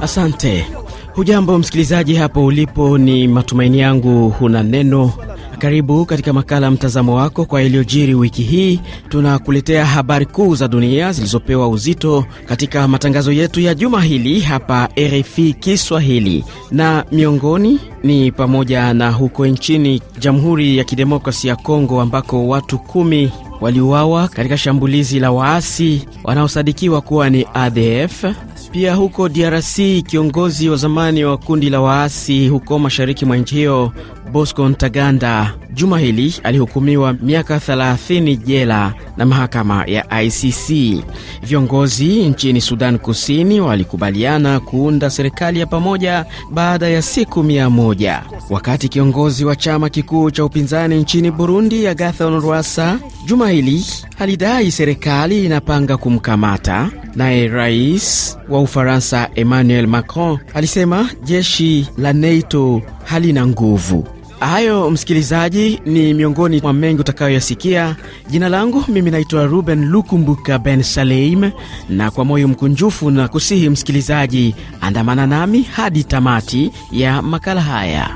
Asante. Hujambo msikilizaji hapo ulipo, ni matumaini yangu huna neno. Karibu katika makala mtazamo wako kwa iliyojiri wiki hii. Tunakuletea habari kuu za dunia zilizopewa uzito katika matangazo yetu ya juma hili hapa RFI Kiswahili, na miongoni ni pamoja na huko nchini Jamhuri ya Kidemokrasi ya Kongo ambako watu kumi waliuawa katika shambulizi la waasi wanaosadikiwa kuwa ni ADF. Pia huko DRC, kiongozi wa zamani wa kundi la waasi huko mashariki mwa nchi hiyo Bosco Ntaganda juma hili alihukumiwa miaka 30 jela na mahakama ya ICC. Viongozi nchini Sudan Kusini walikubaliana kuunda serikali ya pamoja baada ya siku mia moja, wakati kiongozi wa chama kikuu cha upinzani nchini Burundi Agathon Rwasa juma hili alidai serikali inapanga kumkamata. Naye rais wa Ufaransa Emmanuel Macron alisema jeshi la NATO halina nguvu. Hayo msikilizaji, ni miongoni mwa mengi utakayoyasikia. Jina langu mimi naitwa Ruben Lukumbuka Ben Saleim, na kwa moyo mkunjufu na kusihi msikilizaji, andamana nami hadi tamati ya makala haya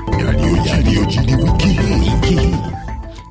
yaliojiri wiki.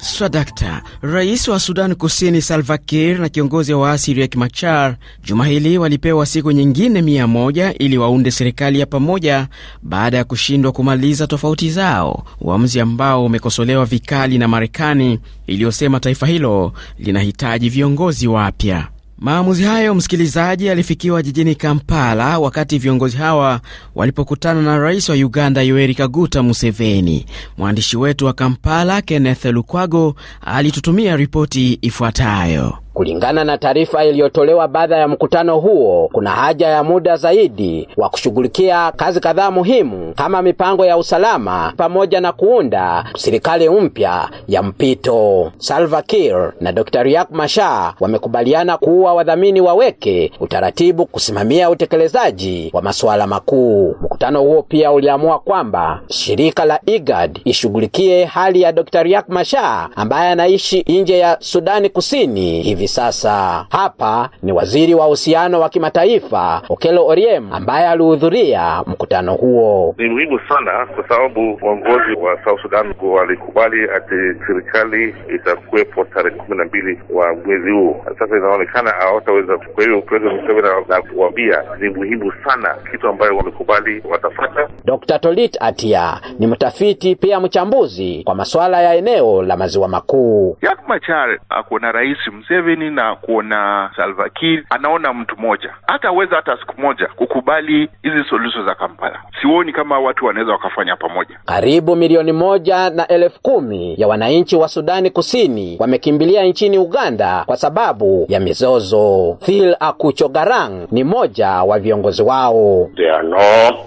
Swadakta. Rais wa Sudan Kusini Salva Kiir na kiongozi wa waasi Riek Machar juma hili walipewa siku nyingine mia moja ili waunde serikali ya pamoja baada ya kushindwa kumaliza tofauti zao, uamuzi ambao umekosolewa vikali na Marekani iliyosema taifa hilo linahitaji viongozi wapya. Maamuzi hayo msikilizaji, alifikiwa jijini Kampala wakati viongozi hawa walipokutana na rais wa Uganda Yoweri Kaguta Museveni. Mwandishi wetu wa Kampala Kenneth Lukwago alitutumia ripoti ifuatayo. Kulingana na taarifa iliyotolewa baada ya mkutano huo, kuna haja ya muda zaidi wa kushughulikia kazi kadhaa muhimu kama mipango ya usalama pamoja na kuunda serikali mpya ya mpito. Salva Kiir na Dr. Riek Machar wamekubaliana kuwa wadhamini waweke utaratibu kusimamia utekelezaji wa masuala makuu. Mkutano huo pia uliamua kwamba shirika la IGAD ishughulikie hali ya Dr. Riek Machar ambaye anaishi nje ya Sudani Kusini hivi hivi sasa. Hapa ni waziri wa uhusiano wa kimataifa Okello Oryem ambaye alihudhuria mkutano huo. Ni muhimu sana kwa sababu uongozi wa South Sudan walikubali ati serikali itakuwepo tarehe kumi na mbili wa mwezi huu. Sasa inaonekana hawataweza. Kwa hiyo President Museveni kuambia ni muhimu sana kitu ambayo wamekubali watafata. Dr. Tolit Atia ni mtafiti pia mchambuzi kwa masuala ya eneo la maziwa makuu. Yak Machar ako na rais Museveni Museveni na kuona Salva Kiir anaona mtu hata hataweza hata siku moja kukubali hizi suluhisho za Kampala. Sioni kama watu wanaweza wakafanya pamoja. Karibu milioni moja na elfu kumi ya wananchi wa Sudani Kusini wamekimbilia nchini Uganda kwa sababu ya mizozo. Phil Akucho Garang ni mmoja wa viongozi wao. They are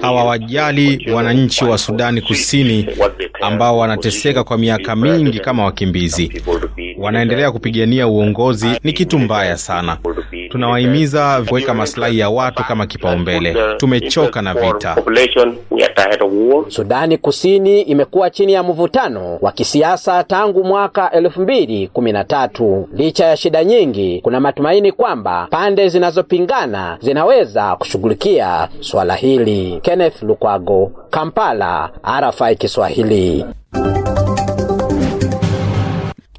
hawawajali wananchi wa Sudani Kusini ambao wanateseka kwa miaka mingi kama wakimbizi, wanaendelea kupigania uongozi. Ni kitu mbaya sana. Tunawahimiza kuweka masilahi ya watu kama kipaumbele. Tumechoka na vita. Sudani Kusini imekuwa chini ya mvutano wa kisiasa tangu mwaka elfu mbili kumi na tatu. Licha ya shida nyingi, kuna matumaini kwamba pande zinazopingana zinaweza kushughulikia swala swala hili. Kenneth Lukwago, Kampala, RFI Kiswahili.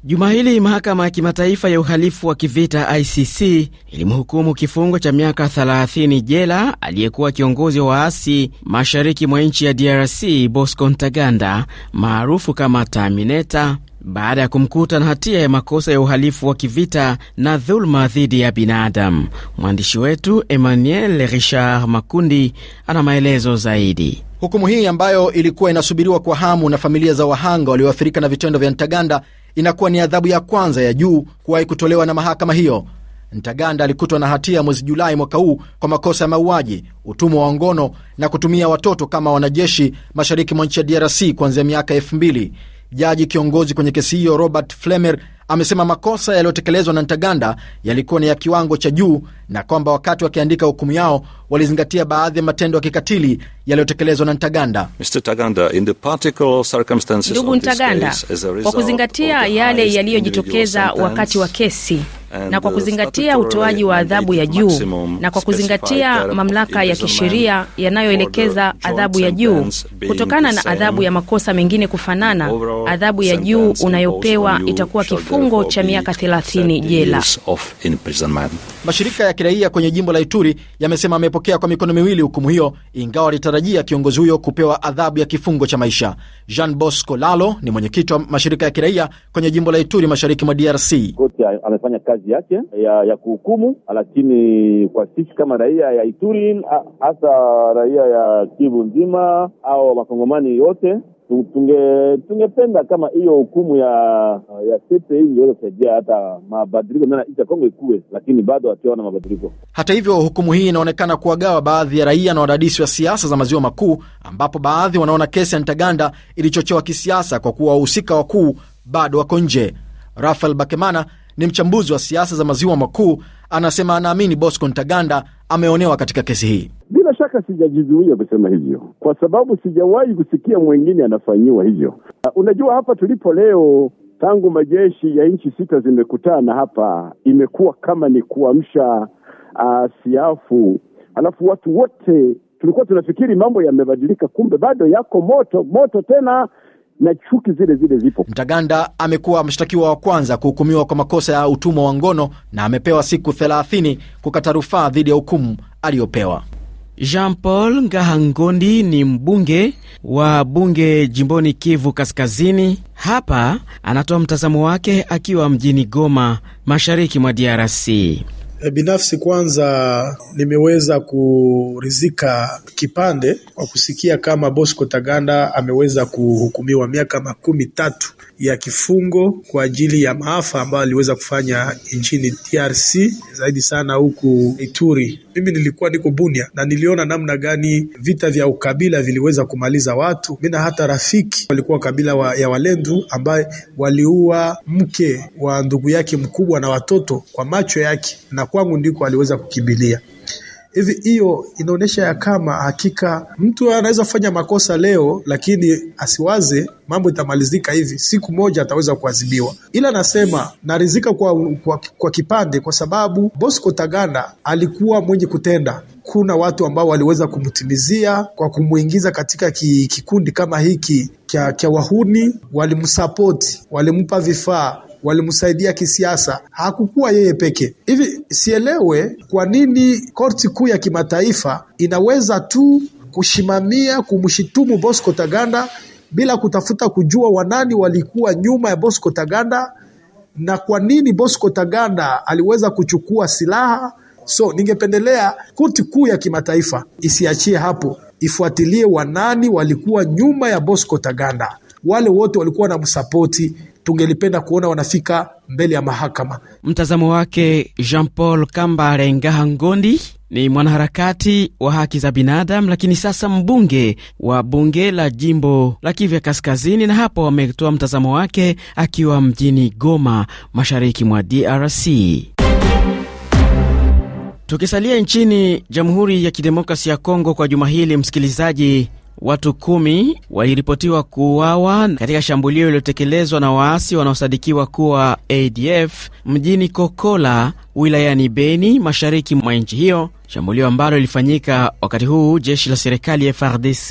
Juma hili mahakama ya kimataifa ya uhalifu wa kivita ICC ilimhukumu kifungo cha miaka 30 jela aliyekuwa kiongozi wa waasi mashariki mwa nchi ya DRC Bosco Ntaganda maarufu kama Terminator baada ya kumkuta na hatia ya makosa ya uhalifu wa kivita na dhuluma dhidi ya binadamu. Mwandishi wetu Emmanuel Richard Makundi ana maelezo zaidi. Hukumu hii ambayo ilikuwa inasubiriwa kwa hamu na familia za wahanga walioathirika na vitendo vya Ntaganda inakuwa ni adhabu ya kwanza ya juu kuwahi kutolewa na mahakama hiyo. Ntaganda alikutwa na hatia mwezi Julai mwaka huu kwa makosa ya mauaji, utumwa wa ngono na kutumia watoto kama wanajeshi mashariki mwa nchi ya DRC kuanzia miaka elfu mbili. Jaji kiongozi kwenye kesi hiyo Robert Flemer amesema makosa yaliyotekelezwa na Ntaganda yalikuwa ni ya kiwango cha juu na kwamba wakati wakiandika hukumu yao walizingatia baadhi ya matendo ya kikatili yaliyotekelezwa na Ntaganda. Ndugu Ntaganda, kwa kuzingatia yale yaliyojitokeza wakati wa kesi na kwa kuzingatia utoaji wa adhabu ya juu na kwa kuzingatia mamlaka ya kisheria yanayoelekeza adhabu ya juu kutokana na adhabu ya makosa mengine kufanana, adhabu ya juu unayopewa itakuwa kifungo cha miaka 30 jela. Mashirika ya kiraia kwenye jimbo la Ituri yamesema amepokea kwa mikono miwili hukumu hiyo, ingawa alitarajia kiongozi huyo kupewa adhabu ya kifungo cha maisha. Jean Bosco Lalo ni mwenyekiti wa mashirika ya kiraia kwenye jimbo la Ituri, mashariki mwa DRC. Kote amefanya kazi kazi yake ya, ya kuhukumu, lakini kwa sisi kama raia ya Ituri hasa raia ya Kivu nzima au makongomani yote tunge tungependa kama hiyo hukumu ya ya sete hii ingeweza kusaidia hata mabadiliko ndani ya nchi ya Kongo ikuwe, lakini bado hatujaona mabadiliko. Hata hivyo, hukumu hii inaonekana kuwagawa baadhi ya raia na wadadisi wa siasa za maziwa makuu, ambapo baadhi wanaona kesi ya Ntaganda ilichochewa kisiasa kwa kuwa wahusika wakuu bado wako nje. Rafael Bakemana ni mchambuzi wa siasa za maziwa makuu, anasema anaamini Bosco Ntaganda ameonewa katika kesi hii. Bila shaka sijajizuia kusema hivyo, kwa sababu sijawahi kusikia mwingine anafanyiwa hivyo. Uh, unajua, hapa tulipo leo tangu majeshi ya nchi sita zimekutana hapa, imekuwa kama ni kuamsha uh, siafu, alafu watu wote tulikuwa tunafikiri mambo yamebadilika, kumbe bado yako moto moto tena na chuki zile zile zipo. Mtaganda amekuwa mshtakiwa wa kwanza kuhukumiwa kwa makosa ya utumwa wa ngono na amepewa siku thelathini kukata rufaa dhidi ya hukumu aliyopewa. Jean Paul Ngahangondi ni mbunge wa bunge jimboni Kivu Kaskazini. Hapa anatoa mtazamo wake akiwa mjini Goma, mashariki mwa DRC. Eh, binafsi kwanza nimeweza kuridhika kipande kwa kusikia kama Bosco Taganda ameweza kuhukumiwa miaka makumi tatu ya kifungo kwa ajili ya maafa ambayo aliweza kufanya nchini DRC, zaidi sana huku Ituri. Mimi nilikuwa niko Bunia na niliona namna gani vita vya ukabila viliweza kumaliza watu. Mimi na hata rafiki walikuwa kabila wa, ya Walendu ambaye waliua mke wa ndugu yake mkubwa na watoto kwa macho yake, na kwangu ndiko aliweza kukimbilia. Hivi hiyo inaonyesha ya kama hakika mtu anaweza fanya makosa leo, lakini asiwaze mambo itamalizika hivi, siku moja ataweza kuadhibiwa. Ila anasema narizika kwa, kwa, kwa kipande, kwa sababu Bosco Taganda alikuwa mwenye kutenda kuna watu ambao waliweza kumtimizia kwa kumwingiza katika kikundi kama hiki kya, kya wahuni, walimsapoti, walimpa vifaa, walimsaidia kisiasa, hakukuwa yeye peke. Hivi sielewe kwa nini korti kuu ya kimataifa inaweza tu kushimamia kumshitumu Bosco Taganda bila kutafuta kujua wanani walikuwa nyuma ya Bosco Taganda na kwa nini Bosco Taganda aliweza kuchukua silaha. So ningependelea korti kuu ya kimataifa isiachie hapo, ifuatilie wanani walikuwa nyuma ya Bosco Taganda, wale wote walikuwa na msapoti tungelipenda kuona wanafika mbele ya mahakama. Mtazamo wake Jean Paul Kamba Rengaha Ngondi ni mwanaharakati wa haki za binadamu, lakini sasa mbunge wa bunge la jimbo la Kivu Kaskazini, na hapo ametoa mtazamo wake akiwa mjini Goma, mashariki mwa DRC. Tukisalia nchini Jamhuri ya Kidemokrasi ya Kongo kwa juma hili, msikilizaji watu kumi waliripotiwa kuuawa katika shambulio lililotekelezwa na waasi wanaosadikiwa kuwa ADF mjini Kokola wilayani Beni mashariki mwa nchi hiyo, shambulio ambalo lilifanyika wakati huu jeshi la serikali FRDC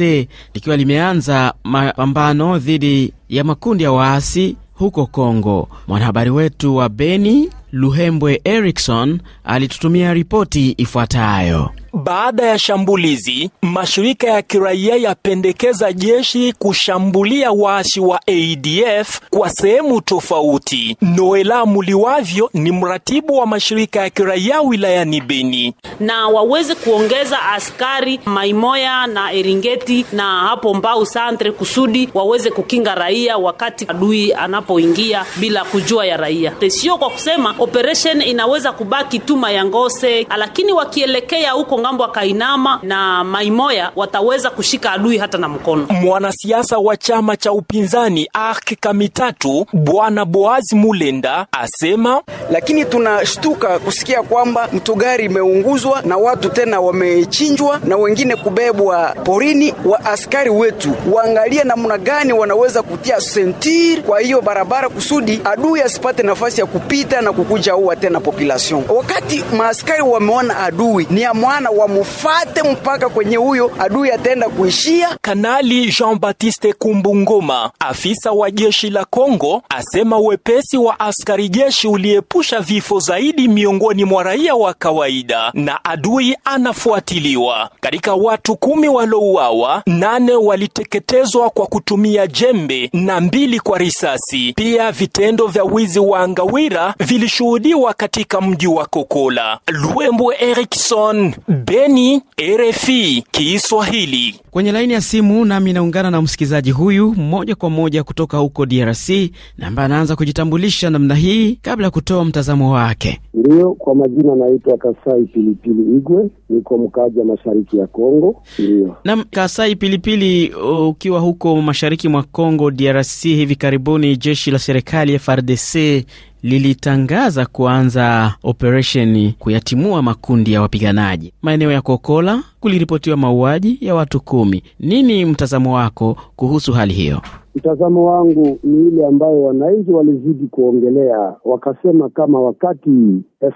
likiwa limeanza mapambano dhidi ya makundi ya waasi huko Kongo. Mwanahabari wetu wa Beni Luhembwe Erikson alitutumia ripoti ifuatayo. Baada ya shambulizi, mashirika ya kiraia yapendekeza jeshi kushambulia waasi wa ADF kwa sehemu tofauti. Noela Muliwavyo ni mratibu wa mashirika ya kiraia wilayani Beni. Na waweze kuongeza askari Maimoya na Eringeti na hapo Mbau Santre kusudi waweze kukinga raia wakati adui anapoingia bila kujua ya raia. Sio kwa kusema operation inaweza kubaki tu Mayangose, lakini wakielekea huko ngambo akainama na maimoya wataweza kushika adui hata na mkono. Mwanasiasa wa chama cha upinzani Ark Kamitatu Bwana Boazi Mulenda asema, lakini tunashtuka kusikia kwamba Mtugari imeunguzwa na watu tena wamechinjwa na wengine kubebwa porini. Wa askari wetu waangalie namna gani wanaweza kutia sentir kwa hiyo barabara kusudi adui asipate nafasi ya kupita na kukuja ua tena population. Wakati maaskari wameona adui ni ya mwana wamufate mpaka kwenye huyo adui ataenda kuishia. Kanali Jean-Baptiste Kumbungoma, afisa wa jeshi la Kongo, asema wepesi wa askari jeshi uliepusha vifo zaidi miongoni mwa raia wa kawaida, na adui anafuatiliwa. Katika watu kumi walouawa, nane waliteketezwa kwa kutumia jembe na mbili kwa risasi. Pia vitendo vya wizi wa angawira vilishuhudiwa katika mji wa Kokola. Luembo Erikson Beni, RFI Kiswahili. Kwenye laini ya simu nami naungana na msikilizaji huyu moja kwa moja kutoka huko DRC na ambaye anaanza kujitambulisha namna hii kabla ya kutoa mtazamo wake. Ndiyo, kwa majina naitwa Kasai Pilipili Igwe, niko mkaaji wa mashariki ya Kongo. Ndiyo nam Kasai Pilipili, ukiwa huko mashariki mwa Kongo DRC, hivi karibuni jeshi la serikali FARDC lilitangaza kuanza operesheni kuyatimua makundi ya wapiganaji. Maeneo ya Kokola kuliripotiwa mauaji ya watu kumi. Nini mtazamo wako kuhusu hali hiyo? Mtazamo wangu ni ile ambayo wananchi walizidi kuongelea, wakasema kama wakati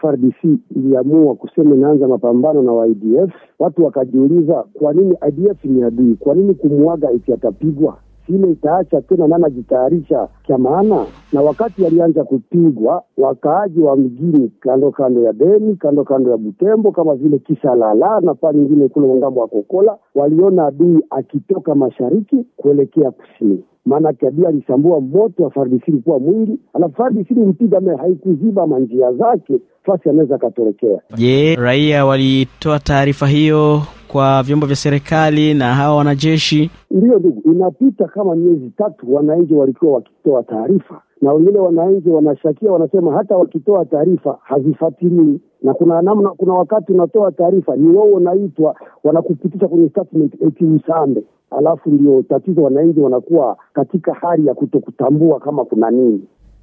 FRDC iliamua kusema inaanza mapambano na waidf watu wakajiuliza kwa nini ADF ni adui, kwa nini kumwaga ikiatapigwa atapigwa ile itaacha tena nana jitayarisha kya maana. Na wakati alianza kupigwa, wakaaji wa mjini kando kando ya Beni, kando kando ya Butembo, kama vile Kisalala na paa nyingine kule ngambo wa Kokola, waliona adui akitoka mashariki kuelekea kusini maanake adui alisambua moto wa FARDC kuwa mwingi, alafu FARDC mpigame haikuziba manjia zake, fasi anaweza akatorekea. Je, raia walitoa taarifa hiyo kwa vyombo vya serikali na hawa wanajeshi? Ndiyo ndugu, inapita kama miezi tatu, wananchi walikuwa wakitoa taarifa na wengine wananchi wanashakia, wanasema hata wakitoa taarifa hazifuatiliwi, na kuna namna, kuna wakati unatoa taarifa ni wao wanaitwa, wanakupitisha kwenye statement eti usambe, alafu ndio tatizo, wananchi wanakuwa katika hali ya kutokutambua kama kuna nini.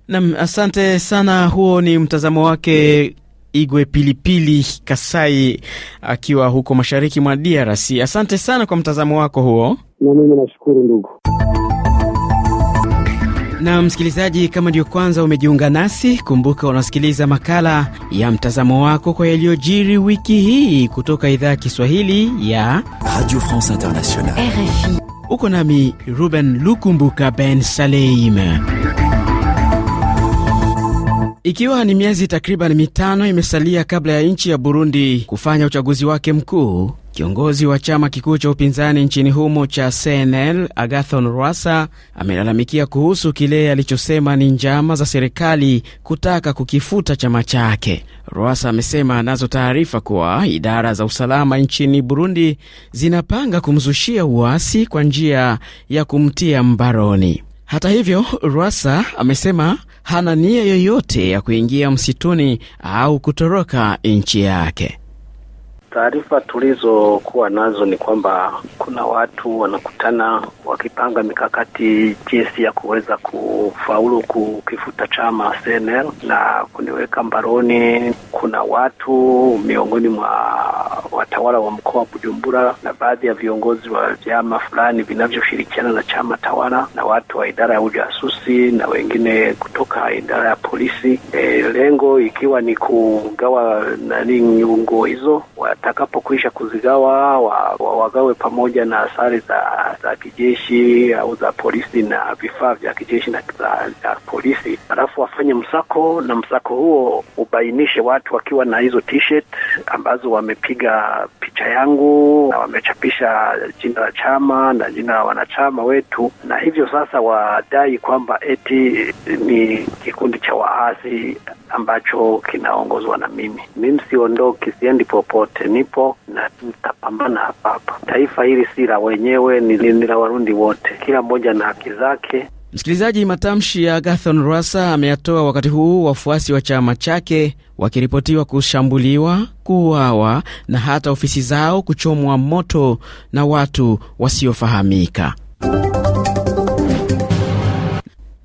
Nam, asante sana. Huo ni mtazamo wake Igwe Pilipili Kasai akiwa huko mashariki mwa DRC. Asante sana kwa mtazamo wako huo, na mimi nashukuru ndugu na msikilizaji, kama ndiyo kwanza umejiunga nasi, kumbuka unasikiliza makala ya mtazamo wako kwa yaliyojiri wiki hii kutoka idhaa ya Kiswahili ya Radio France Internationale, RFI. Uko nami Ruben Lukumbuka Ben Saleim. Ikiwa ni miezi takriban mitano imesalia kabla ya nchi ya Burundi kufanya uchaguzi wake mkuu, kiongozi wa chama kikuu cha upinzani nchini humo cha CNL Agathon Rwasa amelalamikia kuhusu kile alichosema ni njama za serikali kutaka kukifuta chama chake. Rwasa amesema anazo taarifa kuwa idara za usalama nchini Burundi zinapanga kumzushia uasi kwa njia ya kumtia mbaroni. Hata hivyo, Rwasa amesema hana nia yoyote ya kuingia msituni au kutoroka nchi yake. Taarifa tulizokuwa nazo ni kwamba kuna watu wanakutana wakipanga mikakati jinsi ya kuweza kufaulu kukifuta chama CNL na kuniweka mbaroni. Kuna watu miongoni mwa watawala wa mkoa wa Bujumbura na baadhi ya viongozi wa vyama fulani vinavyoshirikiana na chama tawala na watu wa idara ya ujasusi na wengine kutoka idara ya polisi, e, lengo ikiwa ni kugawa nani nyungo hizo watakapokwisha kuzigawa wa, wa, wagawe pamoja na sare za, za kijeshi au za polisi na vifaa vya kijeshi na za, za polisi, alafu wafanye msako, na msako huo ubainishe watu wakiwa na hizo t-shirt ambazo wamepiga picha yangu na wamechapisha jina la chama na jina la wanachama wetu, na hivyo sasa wadai kwamba eti ni kikundi cha waasi ambacho kinaongozwa na mimi. Mimi siondoki, siendi popote, nipo na nitapambana hapa hapa. Taifa hili si la wenyewe, ni la Warundi wote, kila mmoja na haki zake. Msikilizaji, matamshi ya Agathon Rwasa ameyatoa wakati huu wafuasi wa chama chake wakiripotiwa kushambuliwa, kuuawa na hata ofisi zao kuchomwa moto na watu wasiofahamika.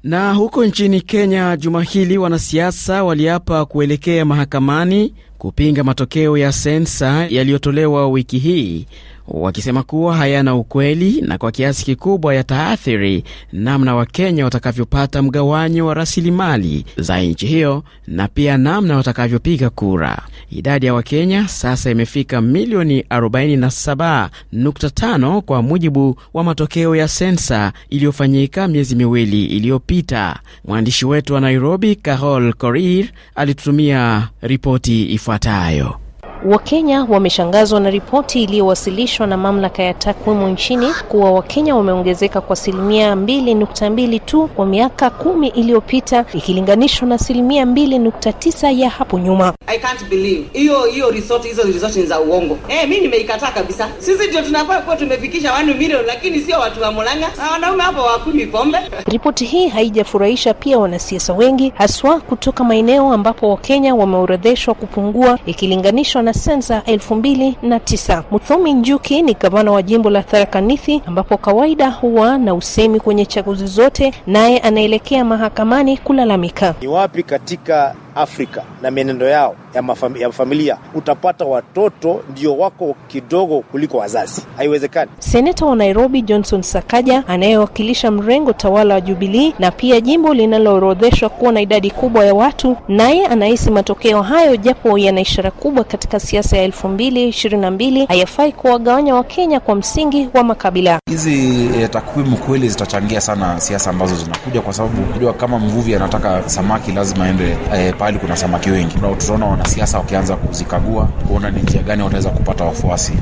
Na huko nchini Kenya juma hili wanasiasa waliapa kuelekea mahakamani kupinga matokeo ya sensa yaliyotolewa wiki hii wakisema kuwa hayana ukweli na kwa kiasi kikubwa yataathiri namna Wakenya watakavyopata mgawanyo wa rasilimali za nchi hiyo na pia namna watakavyopiga kura. Idadi ya Wakenya sasa imefika milioni 47.5 kwa mujibu wa matokeo ya sensa iliyofanyika miezi miwili iliyopita. Mwandishi wetu wa Nairobi, Carol Korir, alitutumia ripoti yafuatayo. Wakenya wameshangazwa na ripoti iliyowasilishwa na mamlaka ya takwimu nchini kuwa Wakenya wameongezeka kwa asilimia mbili nukta mbili tu kwa miaka kumi iliyopita ikilinganishwa na asilimia mbili nukta tisa ya hapo nyuma. I can't believe hiyo hiyo resort, hizo resort ni za uongo. Eh, mi nimeikataa kabisa. Sisi ndio tunafaa kuwa tumefikisha wanu milioni, lakini sio watu wa na wanaume hapo pombe. Ripoti hii haijafurahisha pia wanasiasa wengi, haswa kutoka maeneo ambapo Wakenya wameorodheshwa kupungua ikilinganishwa na sensa elfu mbili na tisa. Muthomi Njuki ni gavana wa jimbo la tharakanithi ambapo kawaida huwa na usemi kwenye chaguzi zote, naye anaelekea mahakamani kulalamika. Ni wapi katika Afrika na mienendo yao ya, mafam, ya familia, utapata watoto ndio wako kidogo kuliko wazazi. Haiwezekani. Seneta wa Nairobi Johnson Sakaja anayewakilisha mrengo tawala wa jubilii na pia jimbo linaloorodheshwa kuwa na idadi kubwa ya watu, naye anahisi matokeo hayo japo yana ishara kubwa katika siasa ya elfu mbili ishirini na mbili hayafai kuwagawanya Wakenya kwa msingi wa makabila. Hizi e, takwimu kweli zitachangia sana siasa ambazo zinakuja, kwa sababu unajua kama mvuvi anataka samaki lazima aende e, pahali kuna samaki wengi. Tutaona wanasiasa wakianza kuzikagua kuona ni njia gani wataweza kupata wafuasi.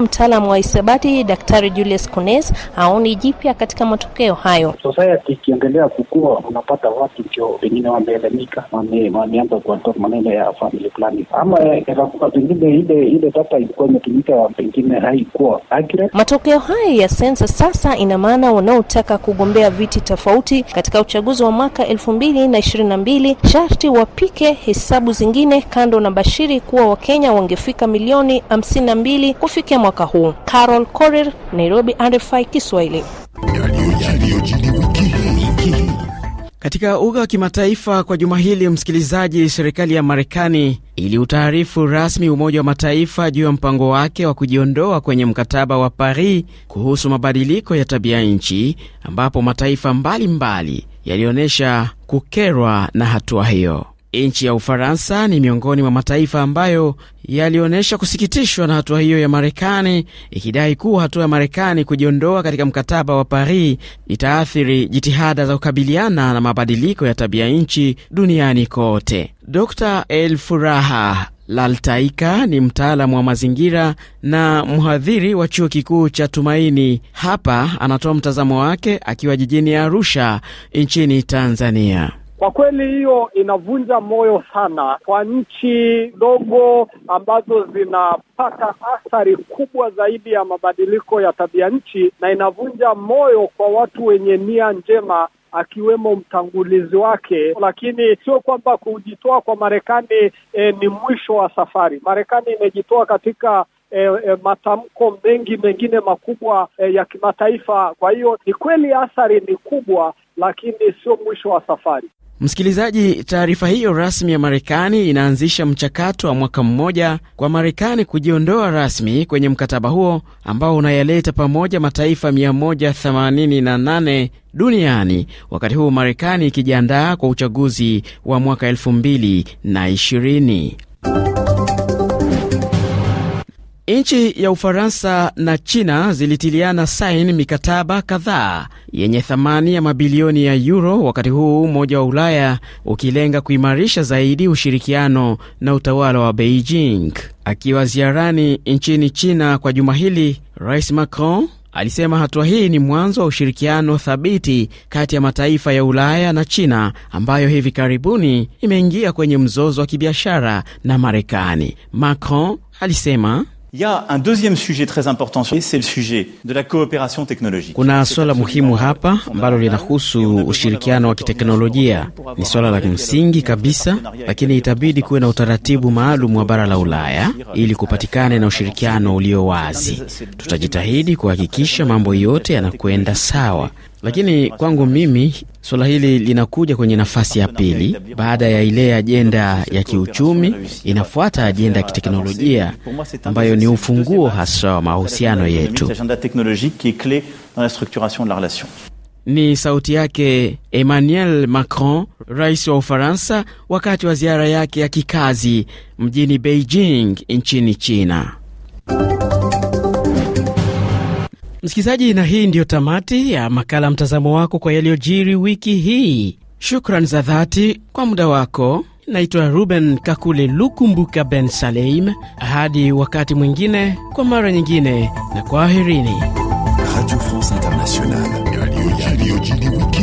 Mtaalamu wa hisabati Daktari Julius Kunes haoni jipya katika matokeo hayo. Society ikiendelea kukua, unapata watu ndio pengine wameelemika, wameanza kuatoa maneno ya family planning, ama yatakuwa pengine ile ile data ilikuwa imetumika pengine haikuwa accurate. Matokeo haya ya sensa sasa ina maana wanaotaka kugombea viti tofauti katika uchaguzi wa mwaka elfu mbili na ishirini na mbili sharti wapi usipike hesabu zingine kando na Bashiri kuwa Wakenya wangefika milioni 52 kufikia mwaka huu. Carol Korir, Nairobi, RFI Kiswahili. Katika uga wa kimataifa kwa juma hili, msikilizaji, serikali ya Marekani iliutaarifu rasmi Umoja wa Mataifa juu ya mpango wake wa kujiondoa kwenye mkataba wa Paris kuhusu mabadiliko ya tabia nchi, ambapo mataifa mbalimbali yalionyesha kukerwa na hatua hiyo. Nchi ya Ufaransa ni miongoni mwa mataifa ambayo yalionyesha kusikitishwa na hatua hiyo ya Marekani, ikidai kuwa hatua ya Marekani kujiondoa katika mkataba wa Paris itaathiri jitihada za kukabiliana na mabadiliko ya tabia nchi duniani kote. Dr El Furaha Laltaika ni mtaalamu wa mazingira na mhadhiri wa chuo kikuu cha Tumaini. Hapa anatoa mtazamo wake akiwa jijini Arusha nchini Tanzania. Kwa kweli hiyo inavunja moyo sana kwa nchi ndogo ambazo zinapata athari kubwa zaidi ya mabadiliko ya tabia nchi, na inavunja moyo kwa watu wenye nia njema akiwemo mtangulizi wake, lakini sio kwamba kujitoa kwa Marekani e, ni mwisho wa safari. Marekani imejitoa katika E, e, matamko mengi mengine makubwa e, ya kimataifa. Kwa hiyo ni kweli athari ni kubwa, lakini sio mwisho wa safari. Msikilizaji, taarifa hiyo rasmi ya Marekani inaanzisha mchakato wa mwaka mmoja kwa Marekani kujiondoa rasmi kwenye mkataba huo ambao unayaleta pamoja mataifa 188 duniani, wakati huu Marekani ikijiandaa kwa uchaguzi wa mwaka 2020. Nchi ya Ufaransa na China zilitiliana saini mikataba kadhaa yenye thamani ya mabilioni ya euro, wakati huu Umoja wa Ulaya ukilenga kuimarisha zaidi ushirikiano na utawala wa Beijing. Akiwa ziarani nchini China kwa juma hili, Rais Macron alisema hatua hii ni mwanzo wa ushirikiano thabiti kati ya mataifa ya Ulaya na China ambayo hivi karibuni imeingia kwenye mzozo wa kibiashara na Marekani. Macron alisema Il y a un deuxième sujet très important, c'est le sujet de la coopération technologique. Kuna swala muhimu hapa ambalo linahusu ushirikiano wa kiteknolojia. Ni swala la msingi kabisa, lakini itabidi kuwe na utaratibu maalum wa bara la Ulaya ili kupatikane na ushirikiano ulio wazi. Tutajitahidi kuhakikisha mambo yote yanakwenda sawa lakini kwangu mimi suala hili linakuja kwenye nafasi ya pili baada ya ile ajenda ya kiuchumi, inafuata ajenda ya kiteknolojia ambayo ni ufunguo hasa wa mahusiano yetu. Ni sauti yake Emmanuel Macron, rais wa Ufaransa, wakati wa ziara yake ya kikazi mjini Beijing nchini China. Msikilizaji, na hii ndiyo tamati ya makala mtazamo wako kwa yaliyojiri wiki hii. Shukran za dhati kwa muda wako. Naitwa Ruben Kakule Lukumbuka Ben Saleim. Hadi wakati mwingine, kwa mara nyingine, na kwaherini. Radio France Internationale.